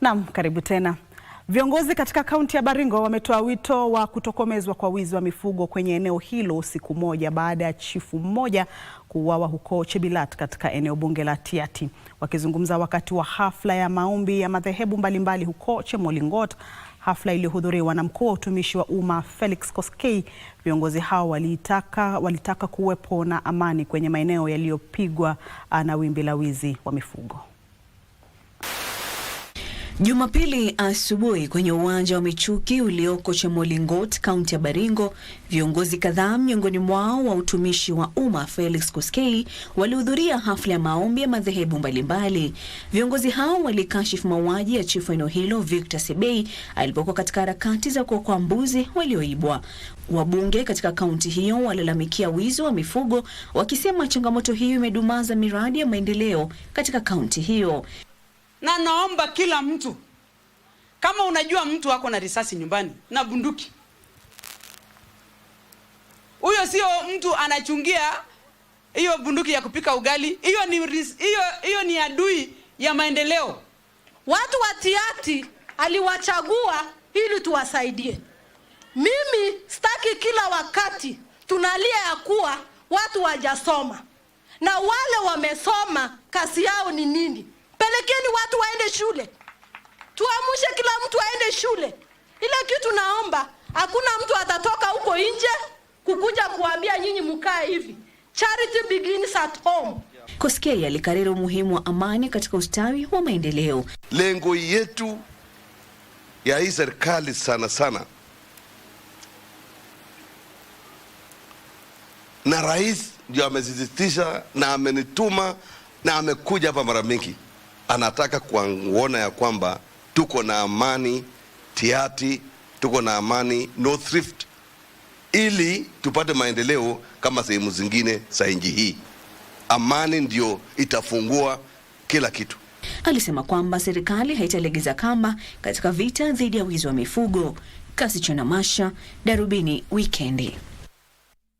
Naam, karibu tena. Viongozi katika kaunti ya Baringo wametoa wito wa kutokomezwa kwa wizi wa mifugo kwenye eneo hilo siku moja baada ya chifu mmoja kuuawa huko Chebilat katika eneo bunge la Tiaty. Wakizungumza wakati wa hafla ya maombi ya madhehebu mbalimbali huko Chemolingot, hafla iliyohudhuriwa na mkuu wa utumishi wa umma Felix Koskei, viongozi hao walitaka, walitaka kuwepo na amani kwenye maeneo yaliyopigwa ah, na wimbi la wizi wa mifugo. Jumapili asubuhi kwenye uwanja wa Michuki ulioko Chemolingot, kaunti ya Baringo, viongozi kadhaa miongoni mwao wa utumishi wa umma Felix Koskei walihudhuria hafla ya maombi ya madhehebu mbalimbali. Viongozi hao walikashifu mauaji ya chifu eneo hilo Victor Sebei alipokuwa katika harakati za kuokoa mbuzi walioibwa. Wabunge katika kaunti hiyo walalamikia wizi wa mifugo, wakisema changamoto hiyo imedumaza miradi ya maendeleo katika kaunti hiyo na naomba kila mtu, kama unajua mtu wako na risasi nyumbani na bunduki, huyo sio mtu anachungia hiyo bunduki ya kupika ugali. Hiyo ni hiyo hiyo ni adui ya maendeleo. Watu wa tiati aliwachagua ili tuwasaidie. Mimi staki kila wakati tunalia ya kuwa watu wajasoma na wale wamesoma kazi yao ni nini? shule, tuamshe kila mtu aende shule. Ile kitu naomba, hakuna mtu atatoka huko nje kukuja kuambia nyinyi mkae hivi. Charity begins at home. Kusikia yalikariri umuhimu wa amani katika ustawi wa maendeleo. Lengo yetu ya hii serikali sana sana na rais ndio amesisitiza na amenituma na amekuja hapa mara mingi anataka kuona ya kwamba tuko na amani tiati, tuko na amani no thrift, ili tupate maendeleo kama sehemu zingine za nchi hii. Amani ndio itafungua kila kitu. Alisema kwamba serikali haitalegeza kamba katika vita dhidi ya wizi wa mifugo. Kasichona Masha, Darubini Wikendi.